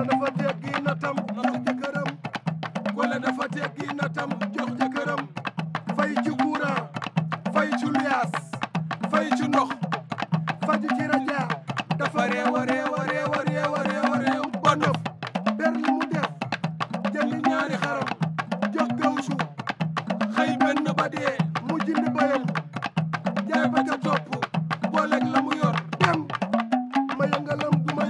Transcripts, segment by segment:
Colle dafa teggi natam jox jëkkëram Colle dafa teggi natam jox jëkkëram fay ci courant fay ci luyaas fay ci ndox faju ci raja dafa réew a réew a réew a réew a réew a réew ba nof ber li mu def jëndi ñaari xaram jox gawsu xëy benn ba dee mu jindi bayam jaay ba ca topp booleeg la mu yor dem ma yëngalam du ma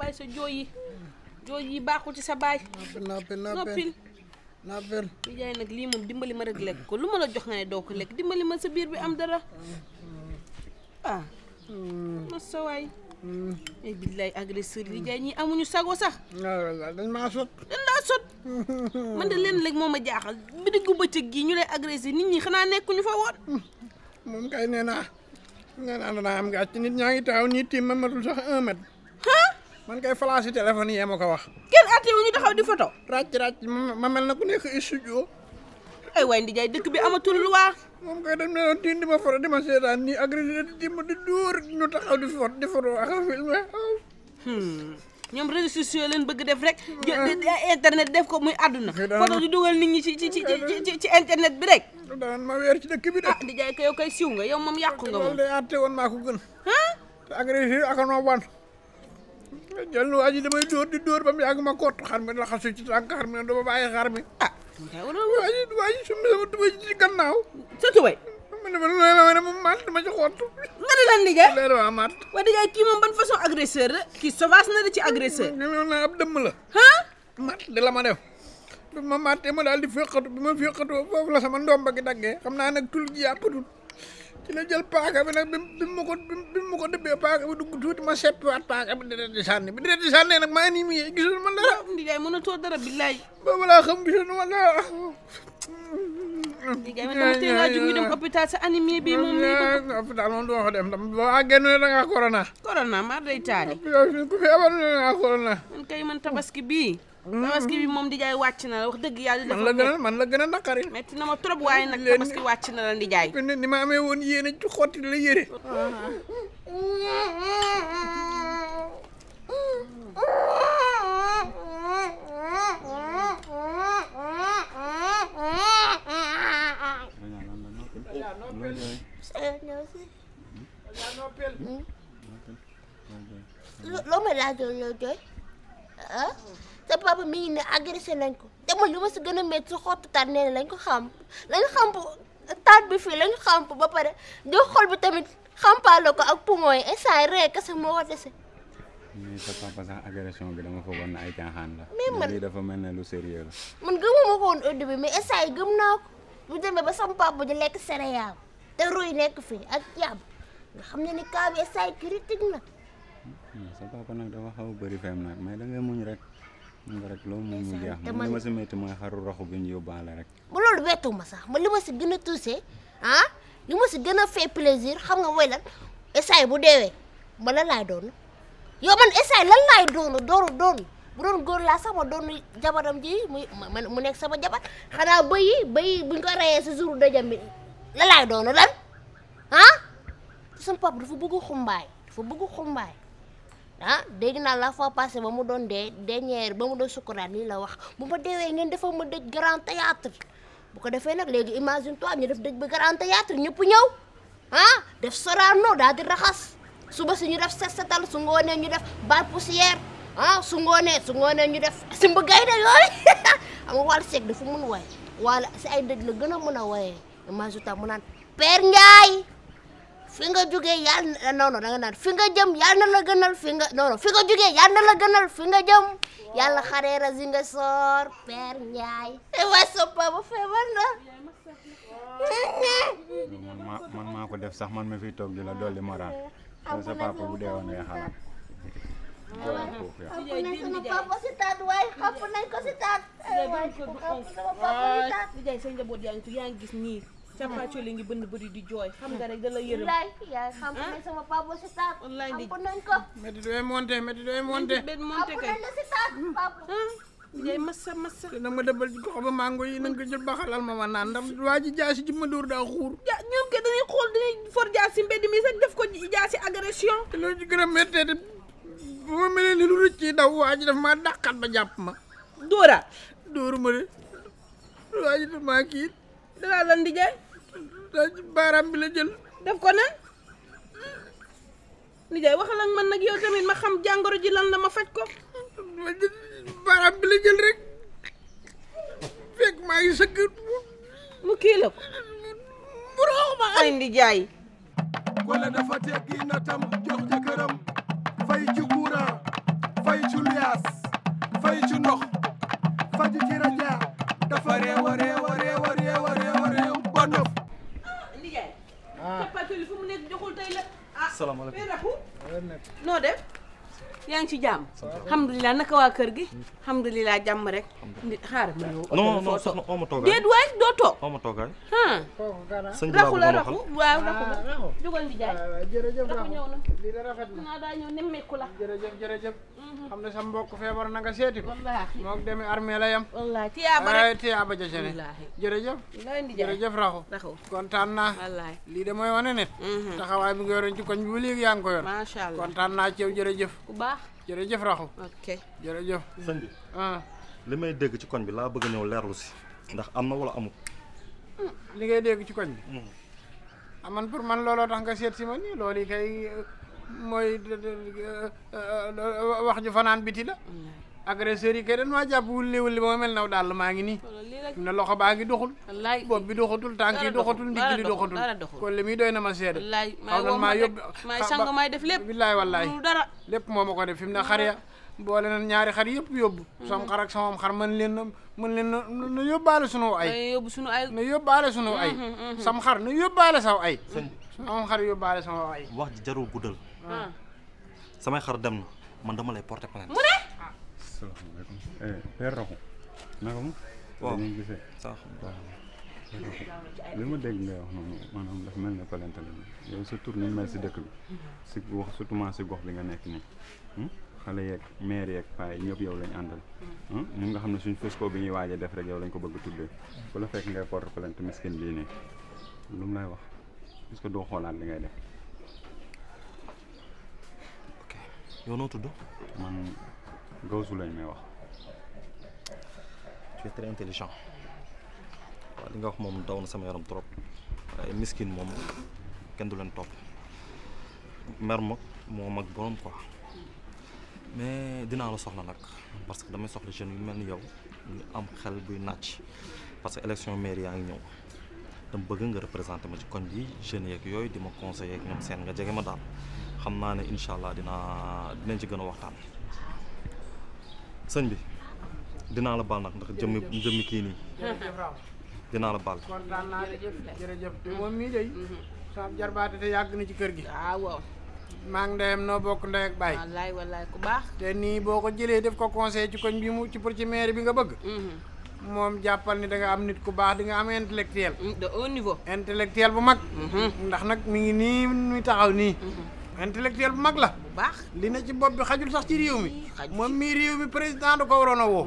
bàyyi sa jooy yi jooy yi baaxul ci sa baay. noppil noppil noppil nijaay nag lii moom dimbali ma rek lekk ko lu ma a jox nga ne doo ko lekk dimbali ma sa biir bi am dara ah. Hmm. ma sa waay. Hmm. Eh, ay yi jaay ñi amuñu sago sax. waaw ah, dañ maa sot. dañ laa sot. man leen léegi moo ma jaaxal bi diggu bëccëg gii ñu lay agressé nit ñi xanaa nekkuñu fa woon. moom kay nee naa nee naa danaa am gàcc nit ñaa ngi taaw ñii tiim ma sax un man kay flash téléphone yi ma ko wax. kenn àtte wu ñu taxaw di photo. ràcc ràcc ma mel na ku nekk studio. ay waay ndi dëkk bi amatul lu waar. moom kay dañ ne doon di ma photo di ma seetaan nii agressé di ma di dóor ñu taxaw di photo di photo ak filmé. Hmm. ñoom réseaux leen bëgg def rek. internet def ko muy àdduna. photo di dugal nit ñi ci ci ci ci internet bi rek. daan ma weer ci dëkk bi de. ah ndi jaay ko kay siw nga yow moom yàqu nga moom. loolu de àtte woon maa ko gën. te agressé noo wan. jël waa ji damay dóor di dóor ba mu yàgg ma kott xar mi la xasu ci tànk xar mi dama bàyyi xar mi ah waa a waa ji summi sama tubay ci gannaaw sa tubay ma ne ma loolu ma ne ma matt dama ci xott nga di lan liggéey leer waa matt waa liggéey kii moom ban façon agresseur la kii sauvage na da ci agresseur ñoom naa ab dëmm la ah matt di la ma def bi ma mattee ma daal di féqatu bi ma féqatu foofu la sama ndomba gi daggee xam naa nag tul ji yàppatul ci la jël paaka bi nag bi mu ma ko ko paaka bi dugg tuuti ma seppiwaat paaka bi deret di sànni bi deret di sànni nag maa nii gisul ma dara. Ndiaye mënatoo dara billaay. boobu laa xam gisul ma dara. Ndiaye man dama tee laa jug ñu dem hôpital sa anémie bi moom lii ko. du ma ko dem dama ba waa génn ne da ngaa corona. corona maa day taali. yow ku feebar ne da ngaa corona. man kay man tabaski bii. Mm-hmm. tabaski bi moom ndijaay wàcc na la wax dëgg yàlla man la gën a man la gën a naqari metti na ma trop waaye nag tabaski wàcc na la ndijaay ni ma amee woon yéene jooy sa papa mi ngi ne agressé nañ ko te man li ma si gën a métti si xottu taat nee lañ ko xàmp lañ xàmp taat bi fii lañ xàmp ba pare di xol bi tamit xàmpaale ko ak poumon yi instant yii rek kese moo ko dese. mais sa papa sax agression bi dama foogoon na ay caaxaan la. mais man lii dafa mel ne lu sérieux la. man gëmuma ko woon ëdd bi mais instant gëm naa ko bu demee ba sa papa di lekk céréales te ruy nekk fii ak yàbb nga xam ne ni cas bi instant yii na. Hmm, sa papa a bëri fem nag mais da ngay muñ nga rek loolu moom mu jeex man li ma si métti mooy xaru raxu bi ñu yóbbaale rek ba loolu bettu ma sax man li ma si gën a touché ah li ma si gën a fait plaisir xam nga mooy lan essay bu deewee ma lan laay doon yow man essay lan laay doonu doonu doonu bu doon góor laa sax ma doonu jabaram ji muy man mu nekk sama jabar xanaa bëyi bëyi buñ ko reyee si jour dajam bi lan laay doonu lan ah sama pap dafa bëgg xumbaay dafa bëgg xumbaay ah dégg naa la fois passée ba mu doon dee dernière ba mu doon sukuraat nii la wax bu ma deewee ngeen defal ma dëj grand théâtre bu ko defee nag léegi imagine toi ñu def dëj ba grand théâtre ñëpp ñëw ah def Sorano daal di raxas suba si ñu def set setal su ngoonee ñu def bar poussière ah su ngoonee su ngoonee ñu def simb gaynde yooyu xam nga wàllu seeg dafa mun woy wala si ay dëj la gën a mën a woyee imagine toi mu naan Père Ndiaye fi nga jógee yàlla non non da nga naan fi nga jëm yàlla na la gënal fi nga non non fi nga jógee yàlla na la gënal fi nga jëm yàlla xaree la si nga soor Père Ndiaye. Eh, waaye sa papa feebar na. man maa man maa ko def sax man ma fiy toog di la dolli moral. kon sa papa bu dee woon ngay xalaat. xapp nañ sama papa si taat waaye xapp nañ ko si taat. waaye xapp sama papa si taat. waaye sëñ njaboot yaa ngi gis nii. càppaacoo li ngi bënd bëri di jooy xam nga rek da la yërëm laay yaay xam ne sama papa si taat wallaay di am nañ ko métti doy monté métti doy monté benn monté kay am nañ si taat papa ah, yaay massa massa te nag ma dëbbal ci gox ba mango yi nañ ko jël baxalal ma ma naan ndax waa ji jaasi ji ma dóor daa xuur ja ñoom ke dañuy xool dañuy for jaasi mbedd mi sax def ko jaasi agression te loolu ci gën a méttee de bu ma melee ni lu rëcc ci daw waa ji daf maa dàqat ba jàpp ma dóoraa dóoru ma de waa ji daf maa kii dalaa lan di jaay baaraam bi la jël. def ko nan nijaay waxal ak man nag yow tamit ma xam jàngoro ji lan la ma faj ko. baaraam bi la jël rek fekk maa ngi sëgg. mu kii la ko. bu roox ma ay nijaay. wala dafa teggi natam jox jëkkëram fay ci courant fay ci luyaas fay ci ndox faju ci rajo dafa réew a réew a réew a réew a réew ah cappaatuli fu mu nekk joxul tey la. ah salaamaaleykum noo def. yaa ngi ci jàmm alhamdulilah naka waa kër gi alhamdulilah jàmm rek nit xaaral ma ñëw oo ma toogaay déet waay doo la raxu waaw naa ah, daa ah, ñëw nemmeeku la jërëjëf mhm. xam ne sa mbokk feebar na nga seeti ko wallaahi moog la yam wallaahi tiyaaba rek tiyaaba jërëjëf raxu raxu lii de mooy wane ne mhm. taxawaay bi nga yoroon ci koñ bi ba yaa ngi ko yor kontaan naa ci yow jërëjëf bu baax. jërëjëf Raxu. ok jërëjëf. sëñ bi ah. li may dégg ci koñ bi laa bëgg ñëw leerlu si ndax am na wala amul. Hmm. li ngay dégg ci koñ bi. Hmm. ah man pour man looloo tax nga seet si ma nii loolu kay eh, mooy eh, eh, wax ju fanaan biti la. Hmm. agresseur yi kay dañ maa jàpp wulli wulli ba ma mel naw daal maa ngi nii ne loxo baa ngi doxul bopp bi doxatul tànk yi doxatul ndigg kon li muy doy na ma seede xaw na maa yóbbu may sang may def lépp billaay lépp moo ma ko def fi mu ne xar ya boole xar yëpp yóbbu sama xar ak sama xar mën leen na mën leen na na yóbbaale sunu ay na yóbbaale sunu ay mm-hmm, mm-hmm. sam xar na yóbbaale saw ay sama xar yóbbaale sama ay wax ji jarul guddal ah. samay xar dem na man dama lay porter plainte asalaamaaleykum Père Rakhou naka ma. waaw li ma dégg ngay wax noonu maanaam dafa mel ne palante la yow sa tur ni mel si dëkk bi si wax surtout si gox bi nga nekk nii hmm? xale yeeg maire yeek paa ñëpp yow lañ àndal hmm? ñun nga xam ne suñ fëskoo bi ñuy waajee def rek yow lañ ko bëgg tuddee ku la fekk ngay porte palante miskin bii nii lu mu lay wax est-ce doo xoolaat li ngay def. ok tudd man. gawsu lañ may wax. tu es li nga wax moom daw na sama yaram trop miskin moom kenn du leen topp mer ma moo mag borom quoi mais dinaa la soxla nag parce que damay soxla jeunes yu mel ni yow ñu am xel buy nàcc parce que élection mairie yaa ngi ñëw dama bëgg nga représenté ma ci koñ bi jeunes yeeg yooyu dima conseil conseiller ak ñoom seen nga jege ma daal xam naa ne incha allah dinaa dinañ ci gën a waxtaan. sëñ bi dinaa la baal nag ndax jëmmi jëmmi kii nii dinaa la baal. kontaan naa jërëjëf moom mii de mhm. sa jarbaate te yàgg na ci kër gi. ah maa ngi ndeyam noo bokk ndey ak baay. wallaay ku baax. te nii boo ko jëlee def ko conseil ci koñ bi mu ci pour ci maire bi nga bëgg. Mhm. moom jàppal ni da am nit ku baax di nga am intellectuel. de haut niveau. intellectuel bu mag. Mhm. ndax nag mi ngi nii mi taxaw nii. intellectuel bu mag la. bu baax li ne ci bopp bi xajul sax ci réew mi. moom mii réew mi président da ko waroon a woo.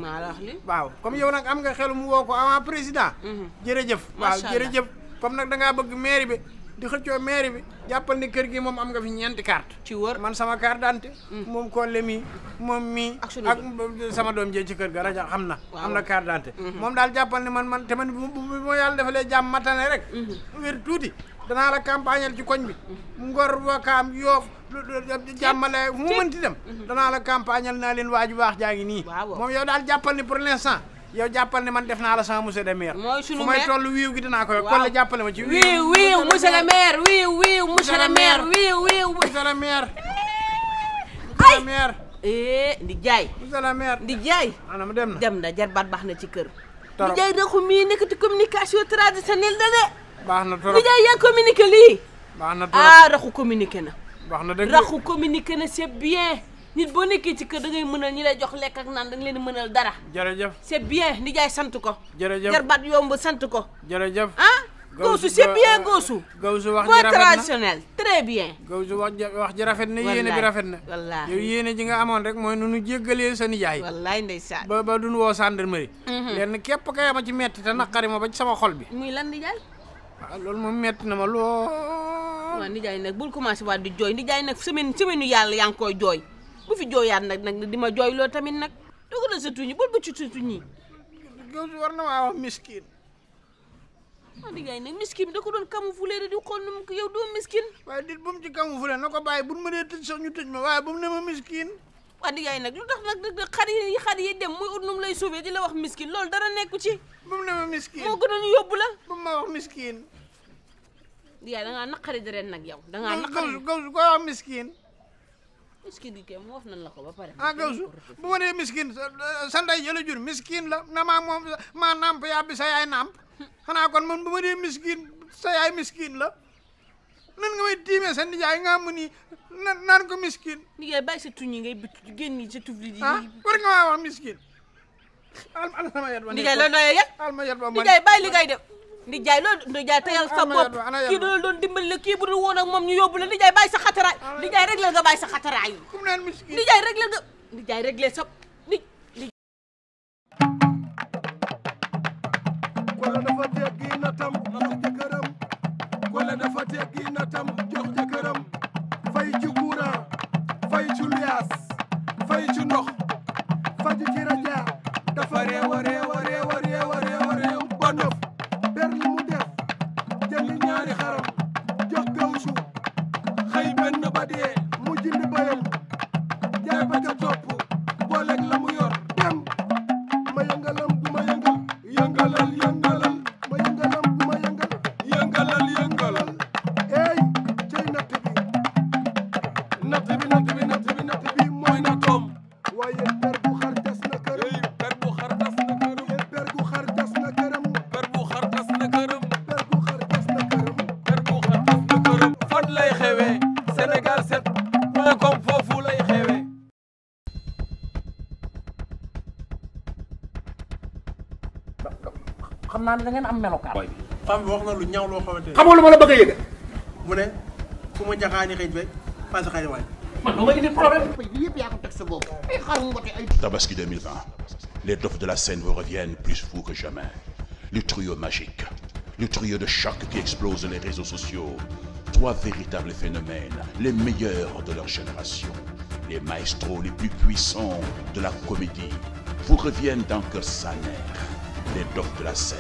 waaw comme yow nag am nga xel mu woo ko avant président. Mhm. jërëjëf. waaw jërëjëf comme nag da ngaa bëgg mairie bi. di xëccoo mairie bi jàppal ni kër gi moom am nga fi ñeenti carte ci wër man sama carte d'identité mhm. moom Kole mii moom mii ak sama doom jee ci kër ga rajo xam na am na carte d'identité mhm. moom daal jàppal ni man man te man bu moo yàlla defalee jàmm matane rek wér tuuti danaa la campagnal ci koñ bi ngor wakaam yoof jàmmale mu mënti dem mhm. danaa la campagnal naa leen waa ju baax jaa ngi nii moom yow daal jàppal ni pour l'instant yow jàppal ne man def naa la sama monsieur le maire mooy sunu maire may toll wiiw gi dinaa ko yow kon la jàppale ma ci wiiw wiiw monsieur le maire wiiw jaay monsieur le jaay anam dem na dem na jarbaat baax na ci kër ndi jaay da ko mii nekkati communication traditionnelle da de baax na trop nijaay yaa communiqué lii. baax na trop ah raxu communiqué na. baax na dëgg raxu communiqué na c'est bien. nit boo nekkee ci kër da ngay mënal ñi lay jox lekk ak naan da nga leen mënal dara. jërëjëf c'est bien nijaay sant ko. jërëjëf jarbaat yomb sant ko. jërëjëf ah. Gawsu c'est bien euh, Gawsu. Gawsu wax ji rafet na traditionnel très bien. Gawsu wax ji wax ji rafet na yéene bi rafet na. wallaahi yow yéene ji nga amoon rek mooy nu nu jéggalee sa nijaay. wallaahi ndeysaan ba ba duñu woo gendarmerie. Mhm. lenn képp kayama ci metti te naqari ma ba ci sama xol bi. muy lan nijaay. waaw loolu moom metti na ma lool. waaw nijaay nag bul commencé waat di jooy nijaay nag semaine semaine yu yàlla yaa ngi koy jooy bu fi jooyaat nag di ma jooy loolu tamit nag dugalal sa tuñ yi bul bëcc na maa wax miskin. waaw nijaay nag ko doon camoufler di xool nu mu ko yow doo miskin. waaye dit na ko bàyyi bu mu mënee tëj sax ñu tëj ma waaye bu mu ne ma miskin. waa nijaay nag lu tax nag xar yi xar yi dem muy ut nu lay sauver di la wax miskin loolu dara nekku ci. bu mu ne ma miskin moo gënoon yóbbu la. may wax miskiin. yaay da ngaa naqari deret nag yow. da ngaa naqari gawsu koy wax miskiin. miskiin gi kay mu wax nañ la ko ba pare. ah gawsu bu ma nee miskiin sa ndey jëla jur miskiin la na maa moom maa nàmp yaa bi sa yaay nàmp. xanaa kon man bu ma nee miskiin sa yaay miskiin la. nan nga may tiimee sa nijaay nga mu nii nan naan ko miskiin. nijaay bàyyi sa tuñ yi ngay bët génn sa tufli di. ah war nga maa wax miskiin. al al sama yat ba. nijaay la nooyee yat. al ma yat ba man nijaay bàyyi li ngay def. ndi jaay loolu ndi jaay teyal sa bopp kii doolu doon dimbali la kii bu dul woon ak moom ñu yóbbu la ndi jaay bàyyi sa xataraay ndi jaay réglé luyaas fay ci ndox faju ci xaram jox gawsu xëy benn ba dee mu jënd bayam foofu lay xewee Sénégal 7 naa ne da am melokaan. femme bi wax lu ñaaw loo xamante ne. xamoo lu la bëgg a yëg. mu ne ku ma jaxaani xëy be paase xëy waay. man doo de la scène vous reviennent plus fous que jamais le trio magique le trio de choc qui explose les réseaux sociaux. trois véritables phénomènes, les meilleurs de leur génération, les maestros les plus puissants de la comédie, vous reviennent dans cœur saner, les docs de la scène,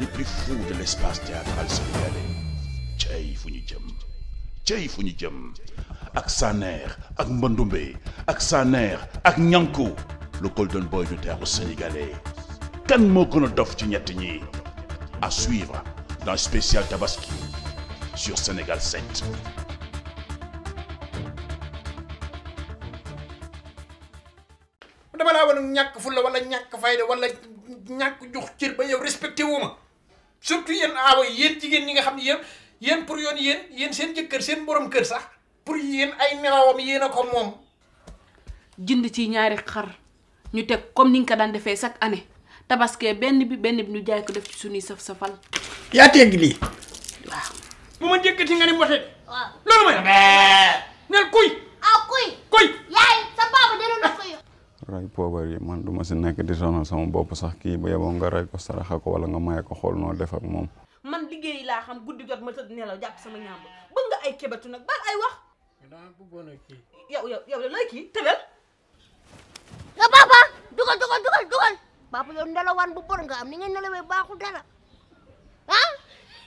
les plus fous de l'espace théâtral sénégalais. cey fu ñu jëm cey fu ak Saner ak Mbandumbe ak Saner ak Ñanko le golden boy du théâtre sénégalais kan moo gën a dof ci ñett ñi à suivre dans spécial Tabaski sur Sénégal 7. dama laa ñàkk fulla wala ñàkk fayda wala ñàkk jox cër ba yow respecté wu surtout yéen aawa yéen jigéen ñi nga xam ne yéen yéen pour yoon yéen yéen seen jëkkër seen boroom kër sax pour yéen ay nelawam yéen a ko moom. jënd ci ñaari xar ñu teg comme ni nga ko daan defee chaque année tabaskee benn bi benn bi ñu jaay ko def ci suñuy saf-safal. yaa tegg lii. mu ma njëkkati nga ni mbote loolu mooy. nel kuy. ah kuy. kuy. yaay sa papa dina la kuy. ray poobar yi man du ma si nekk di sonal sama bopp sax kii bu yeboo ray ko saraxa ko wala nga maye ko xool noo def ak moom. man liggéey laa xam guddi jot ma tëdd nelaw jàpp sama ñaam dugal dugal dugal dugal. papa yow nelawaan bu bon nga am ni nga nelawee baaxul dara ah.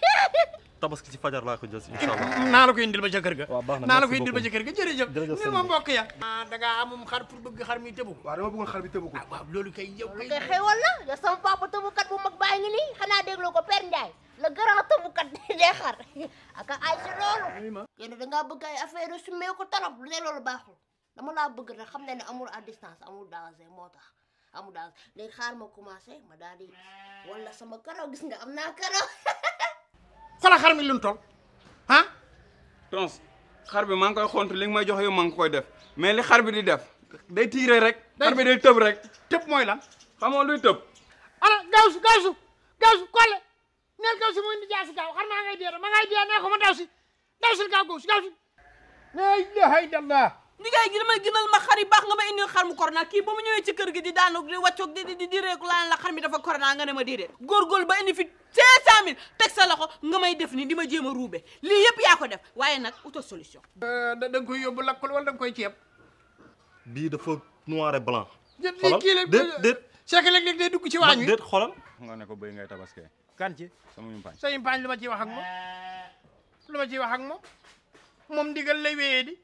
tabaski ci fajar laa ko jël incha allah naa la ko indil la ko indil ba ca kër ga jërëjëf ma mbokk ya ah, da ngaa amum xar pour bëgg xar mi tëbu waaw dama bëggoon xar mi tëbu ko ah, waaw loolu kay yow kay xewal la yow sama papa tëbukat bu mag baa ngi nii xanaa dégloo ko Père Ndiaye le grand tëbukat dee xar aka da ngaa bëgg ay affaire su mee ko torop lu ne loolu baaxul dama laa bëgg rek xam ne ne a distance amul danger moo tax amul danger léegi xaar ma commencé ma daal di wala sama karaw gis nga am naa karaw xoolal xar mi lu mu toll ah. tons xar bi maa ngi koy xont li nga may jox yow maa koy def mais li xar bi di def day tiire rek. day xar bi tëb rek. tëb mooy lan. xamoo luy tëb. alors gawsu gawsu gawsu kolle neel gawsu mu indi jaasi gaaw xar maa ngay dee ma ngay dee nee ko ma daw si daw si gaaw gawsu gawsu. la ilaha illallah. liggéey gi dama gënal ma xar yi baax nga ma indil xar mu corona kii ba mu ñëwee ci kër gi di daanu di wàccoog di di di réeku laa la xar mi dafa corona nga ba indi fi 500000 teg sa loxo nga may def nii di ma jéem a ruube lii yëpp yaa ko def waaye nag auto solution euh, da nga koy yóbbu lakkul wala da nga koy ceeb bii dafa noir et blanc xoolal déet déet c'est que léeg-léeg day dugg ci waañ wi déet xoolal nga ne ko bëy ngay tabaskee kan ci sama yumpaañ sa yumpaañ lu ma ciy wax moom lu ma ciy wax ak moom moom la lay wéyee di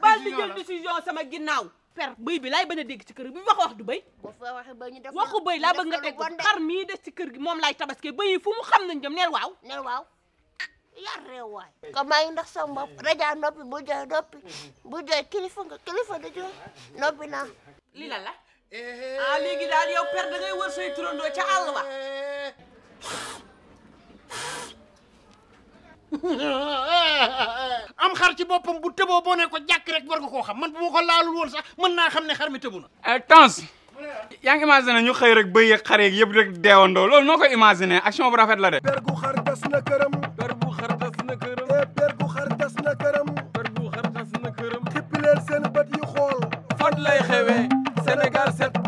baal di jël décision sama ginnaaw per bëy bi laay bañ a dégg ci kër bi wax wax du bëy waxu bëy laa bëgg nga teg xar mii des ci kër gi moom laay tabaske bëy yi fu mu xam nañ jëm neel waaw neel waaw yar reew waay ko maa ngi ndax sama bopp rajaa noppi bu jooy noppi bu jooy kilifa nga kilifa da jooy noppi naa lii la la eh, eh. ah léegi daal yow per da ngay wër say turandoo ca àll wa am xar ci boppam bu tëboo boo ne ko jàkk rek war nga koo xam man bu ma ko laalul woon sax mën naa xam ne xar mi tëbu na eh, Tange yaa ngi imaginer ñu xëy rek bëy yeeg xar yeeg yëpp rek deewandoo loolu noo koy imaginer action bu rafet la de per gu xar tas na këram per gu xar tas na këram eh, per gu seen bët yi xool fan lay xewee Sénégal set